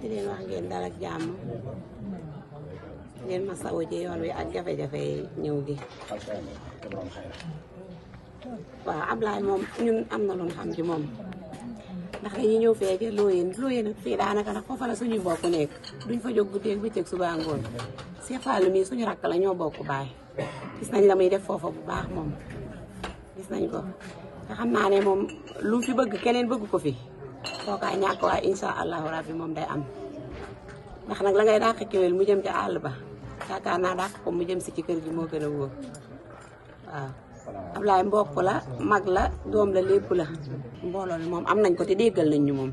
di leen wax ngeen dal ak jàmm leen ma sawu ci yoon wi ak jafe-jafe ñëw gi waaw Ablaye moom ñun am na lu xam ci moom ndax dañuy ñëw fee ca looyeen looyeen fii daanaka nag foofala suñu suñuy bokk nekk duñ fa jóg guddeeg bëccëg suba ngoon Cheikh Fallou mii suñu rakk la ñoo bokk baay gis nañ la muy def foofa bu baax moom gis nañ ko te xam naa moom lu fi bëgg keneen bëgg ko fi soo kaa ñàkk waaye incha allahu rabi moom day am ndax nag la ngay dàq kéwél mu jëm ci àll ba yaakaar naa daal ko mu jëm si ci kër gi moo gën a wóor waaw. Ablaye mbokk la mag la doom la lépp la mbooloo moom am nañ ko te déggal nañ ñu moom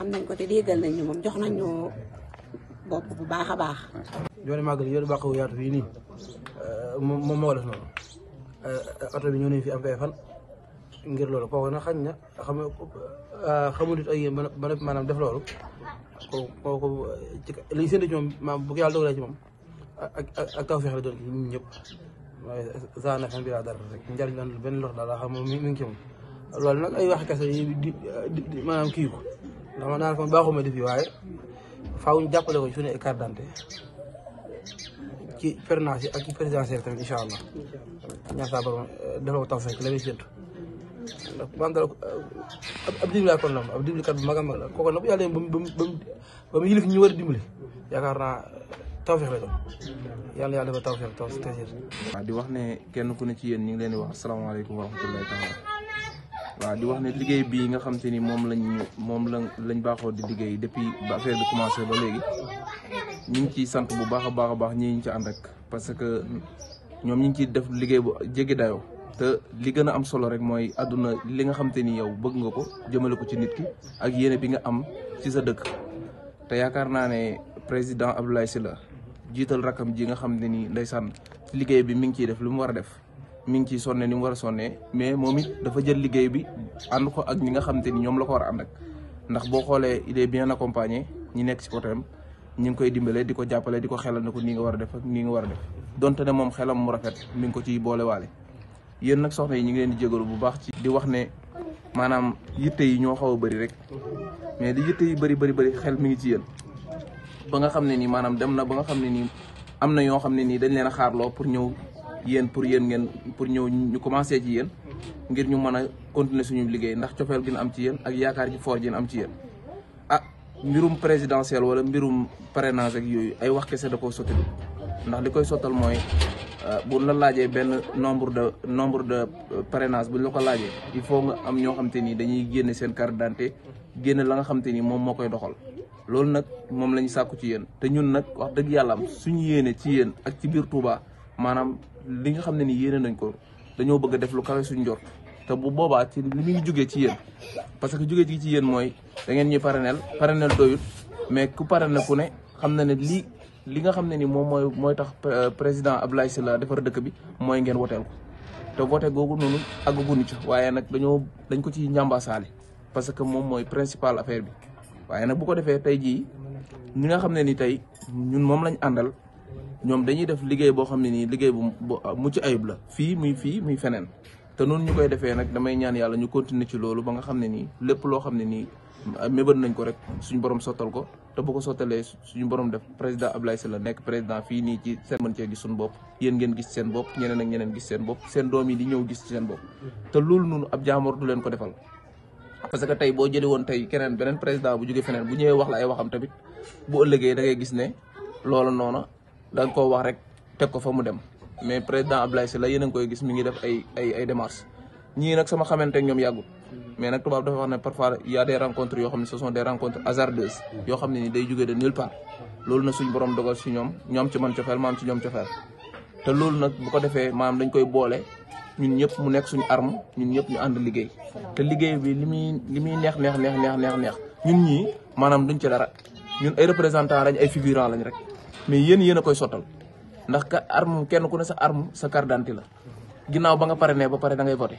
am nañ ko te déggal nañ moom jox nañ ñu bopp bu baax a baax. yoonu màggal yoonu bàqawu yaatu fii nii moom moo def noonu oto bi ñëw nañ fi am kay ngir loolu kooku nag xañ na xam euh, xamul it ay yéen ba maanaam def loolu kooku ci li séntu ci moom maam bu ko yàlla dogalee ci moom ak ak ak tawfeex la doon ci ñëpp waaye saa na xam bi laa dara rek njariñ la benn lox daal laa xam moom mi ngi ci moom loolu ay wax kese yi maanaam kii ko ndax man daanaka baaxuma def yi waaye faaw ñu jàppale ko ci yi ak ci présidentielle tamit incha allah ñaan saa borom euh, defal ko tawfeex la muy séntu maam dara ab jiw laa ko noom ab dimbalikat bu a mag ñu war a dimbali yaakaar naa tawfeex la doon di wax ne kenn ku ne ci yéen ñu ngi leen di wax asalaamaaleykum wa rahmatullahi di wax ne liggéey bi nga xam ni moom lañ moom lañ lañ baaxoo di liggéey depuis ba affaire bi commencé ba léegi ñu ngi ciy sant bu baax a baax a baax ñi ñu ci ànd ak parce que ñoom ñu ngi ciy def liggéey bu jéggi dayo te li gën a am solo rek mooy àdduna li nga xam te ni yow bëgg nga ko jëmale ko ci nit ki ak yéene bi nga am ci sa dëkk te yaakaar naa ne président Abdoulaye Sylla jiital rakam ji nga xam ne ni ndeysaan liggéey bi mi ngi ciy def lu mu war a def mi ngi ciy sonne ni mu war a sonnee mais moom it dafa jël liggéey bi ànd ko ak ñi nga xam ni ñoom la ko war a ànd ak ndax boo xoolee il est bien accompagné ñi nekk ci côté am ngi koy dimbale di ko jàppale di ko xelal na ko nii nga war a def ak nii nga war a def donte ne moom xelam mu rafet mi ngi ko ciy boolewaale yéen nag soxna yi ñu ngi leen di jégalu bu baax ci di wax ne maanaam yitte yi ñoo xaw a bëri rek mais li yitte yi bëri bëri bëri xel mi ngi ci yéen ba nga xam ne nii maanaam dem na ba nga xam ne nii am na ñoo xam ne nii dañ leen a xaarloo pour ñëw yéen pour yéen ngeen pour ñëw ñu commencé ci yéen ngir ñu mën a continuer suñu liggéey ndax cofeel gi am ci yéen ak yaakaar ci foor gi am ci yéen ah mbirum présidentiel wala mbirum parrainage ak yooyu ay wax kese da koo sotti ndax li koy sottal mooy Euh, bu la laajee benn nombre de nombre de euh, parrainage bu ñu la ko laajee il faut nga am ñoo xam ni dañuy génne seen carte d'identité génne la nga xam ni moom moo koy doxal loolu nag moom la ñu sàkku ci yéen te ñun nag wax dëgg yàlla am suñu yéenee ci yéen ak ci biir Touba maanaam li nga xam ne ni yéene nañ ko dañoo bëgg def lu kawe suñu njort te bu boobaa ci li muy jógee ci yéen parce que jógee ci yéen mooy da ngeen ñuy parrainel parrainel doyut mais ku parrainel ku ne xam na ne lii li nga xam ne ni moom mooy mooy tax euh, président Abdoulaye Sylla defar dëkk bi mooy ngeen woteel ko te voté googu noonu àggaguñu ci waaye nag dañoo dañ ko ci njàmbaasaale parce que moom mooy principal affaire bi waaye nag bu ko defee tey jii ñi nga xam ne ni tey ñun moom lañ àndal ñoom dañuy def liggéey boo xam ne nii liggéey bu mucc ayub la fii muy fii muy feneen te noonu ñu koy defee nag damay ñaan yàlla ñu continuer ci loolu ba nga xam ne nii lépp loo xam ne nii mébét nañ ko rek suñu borom sottal ko te bu ko sottalee suñu borom def président ab Ablaye Sylla nekk président fii nii ci seen mën suñu bopp yéen ngeen gis seen bopp ñeneen ak gis seen bopp seen doom yi di ñëw gis seen bopp te loolu noonu ab jaamor du leen ko defal parce que tey boo jëlee woon tey keneen beneen président bu jógee feneen bu ñëwee wax la ay waxam tamit bu ëllëgee dangay gis ne loolu noonu da nga wax rek teg ko fa mu dem mais président Ablaye Sylla yéen a ngi koy gis mi ngi def ay ay ay démarches ñii nag sama xamante ak ñoom yàggul mais nag tubaab dafa wax ne parfois y a des rencontres yoo xam ne ce sont des rencontres hasardeuses yoo xam ne ni day jógee de nulle part loolu na suñ borom dogal si ñoom ñoom ci man cofeel maam ci ñoom cofeel te loolu nag bu ko defee maam dañ koy boole ñun ñëpp mu nekk suñu arme ñun ñëpp ñu ànd liggéey te liggéey bi li muy li muy neex neex neex neex neex neex ñun ñii maanaam duñ ci dara ñun ay représentants lañ ay figurants lañ rek mais yéen yéen a koy sottal ndax ka arme kenn ku ne sa arme sa carte d'identité la ginnaaw ba nga pare ne ba pare da ngay voté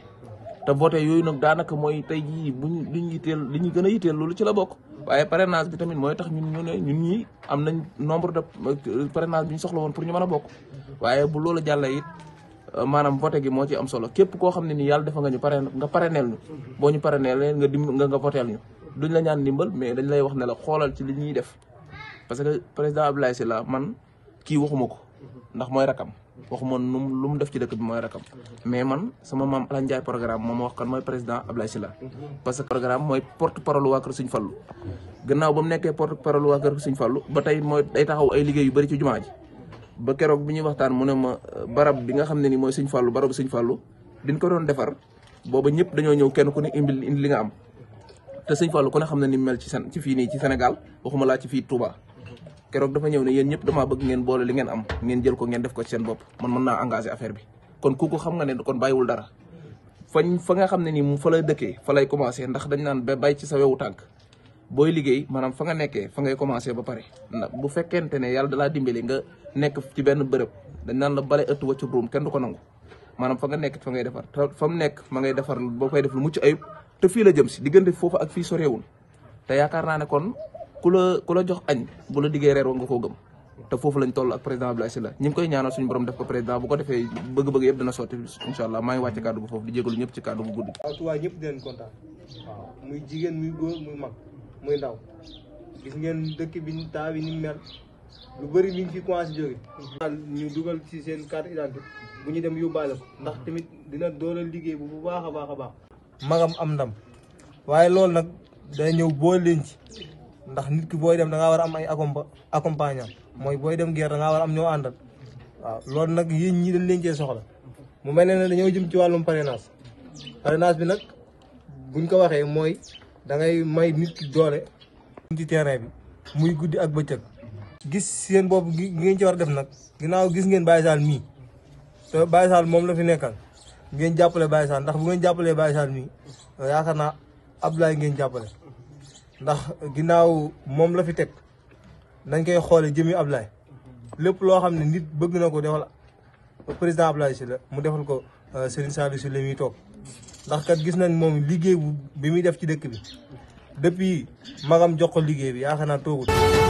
te voté yooyu nag daanaka mooy tey jii buñ liñ yitteel li ñu gën a loolu ci la bokk waaye parrainage bi tamit mooy tax ñu ne ñun ñi am nañ nombre de parrainage bi ñu soxla woon pour ñu mën a bokk waaye bu loolu jàllee it euh, maanaam voté moo ci am solo képp koo xam ne ni yàlla defa nga ñu pare nga parrainel ñu boo ñu parrainel nga dim nga ñaan ndimbal mais dañ lay wax ne la xoolal ci li ñuy def parce que président Abdoulaye Sylla man kii waxuma ko ndax mooy rakam waxuma nu lu mu def ci dëkk bi mooy rakam mais man sama maam Alane Ndiaye programme moom wax kan mooy président Ablaye Sylla parce que programme mooy porte parole waa kër Serigne Fallou gannaaw ba mu nekkee porte parole waa kër Serigne Fallou ba tey mooy day taxaw ay liggéey yu bëri ci jumaa ji ba keroog bi ñuy waxtaan mu ne ma euh, barab bi nga xam ne ni mooy Serigne Fallou barabu Serigne Fallou biñ ko doon defar booba ñëpp dañoo ñëw kenn ku ne indi li nga am te Serigne Fallou ku ne xam ne ni mel ci sen ci fii nii ci Sénégal waxuma laa fii Touba keroog dafa ñëw ne yéen ñëpp dama bëgg ngeen boole li ngeen am ngeen jël ko ngeen def ko ci seen bopp man mën naa engagé affaire bi kon kooku xam nga ne kon bàyyiwul fa nga xam ne nii fa lay dëkkee fa lay commencé ndax dañ naan ba bay ci sa tànk booy liggéey maanaam fa nga nekkee fa ngay commencé ba pare ndax bu fekkente ne yàlla dalaa dimbali nga nekk ci benn bërëb da naan la bale ëtt waccu buum kenn du ko nangu maanaam fa nga nekk fa ngay defar fa mu nekk ma ngay defar boo koy def lu mucc ayib te fii la jëm si diggante foofu ak fii soreewul te yaakaar naa ne kon ku la ku la jox añ bu la diggee reer war nga koo gëm te foofu lañ toll ak président Abdoulaye Sylla ñu ngi koy ñaanal suñu borom def ko président bu ko defee bëgg-bëgg yëpp dana sotti incha allah maa ngi wàcce kàddu bu foofu di jégalu ñëpp waaw Touba ñëpp dinañ kontaan waaw muy jigéen muy góor gis ngeen dëkk bi taa bi ni mel lu bëri mi ngi fi commencé jóge ñu dugal ci seen carte d'identité bu ñu dem yóbbaale ko ndax tamit dina dooleel liggéey bu bu baax a baax a baax. magam am ndam waaye loolu nag day ñëw boo leen ci ndax nit ki booy dem da war a am ay accompagne mooy booy dem guerre da ngaa war am ñoo àndal waaw loolu nag yéen ñii dañ leen cee soxla mu mel ne dañoo jëm ci wàllum parrainage parrainage bi nag buñ ko waxee mooy da may nit ki doole ci terrain bi muy guddi ak bëccëg gis seen bopp gi ngeen ci war def nag ginnaaw gis ngeen Baye Sall mii te Baye Sall moom la fi nekkal ngeen jàppale Baye Sall ndax bu ngeen jàppalee Baye Sall mii yaakaar naa ab Abdoulaye ngeen jàppale ndax ginnaaw moom la fi teg nañ koy xoole jëmi Ablaye lépp loo xam ne nit bëgg na ko defal président Ablaye si la mu defal ko euh, Serigne Saliou si la muy toog ndax kat gis nañ moom liggéey bu bi muy def ci dëkk bi depuis magam jox ko liggéey bi yaakaar naa toogul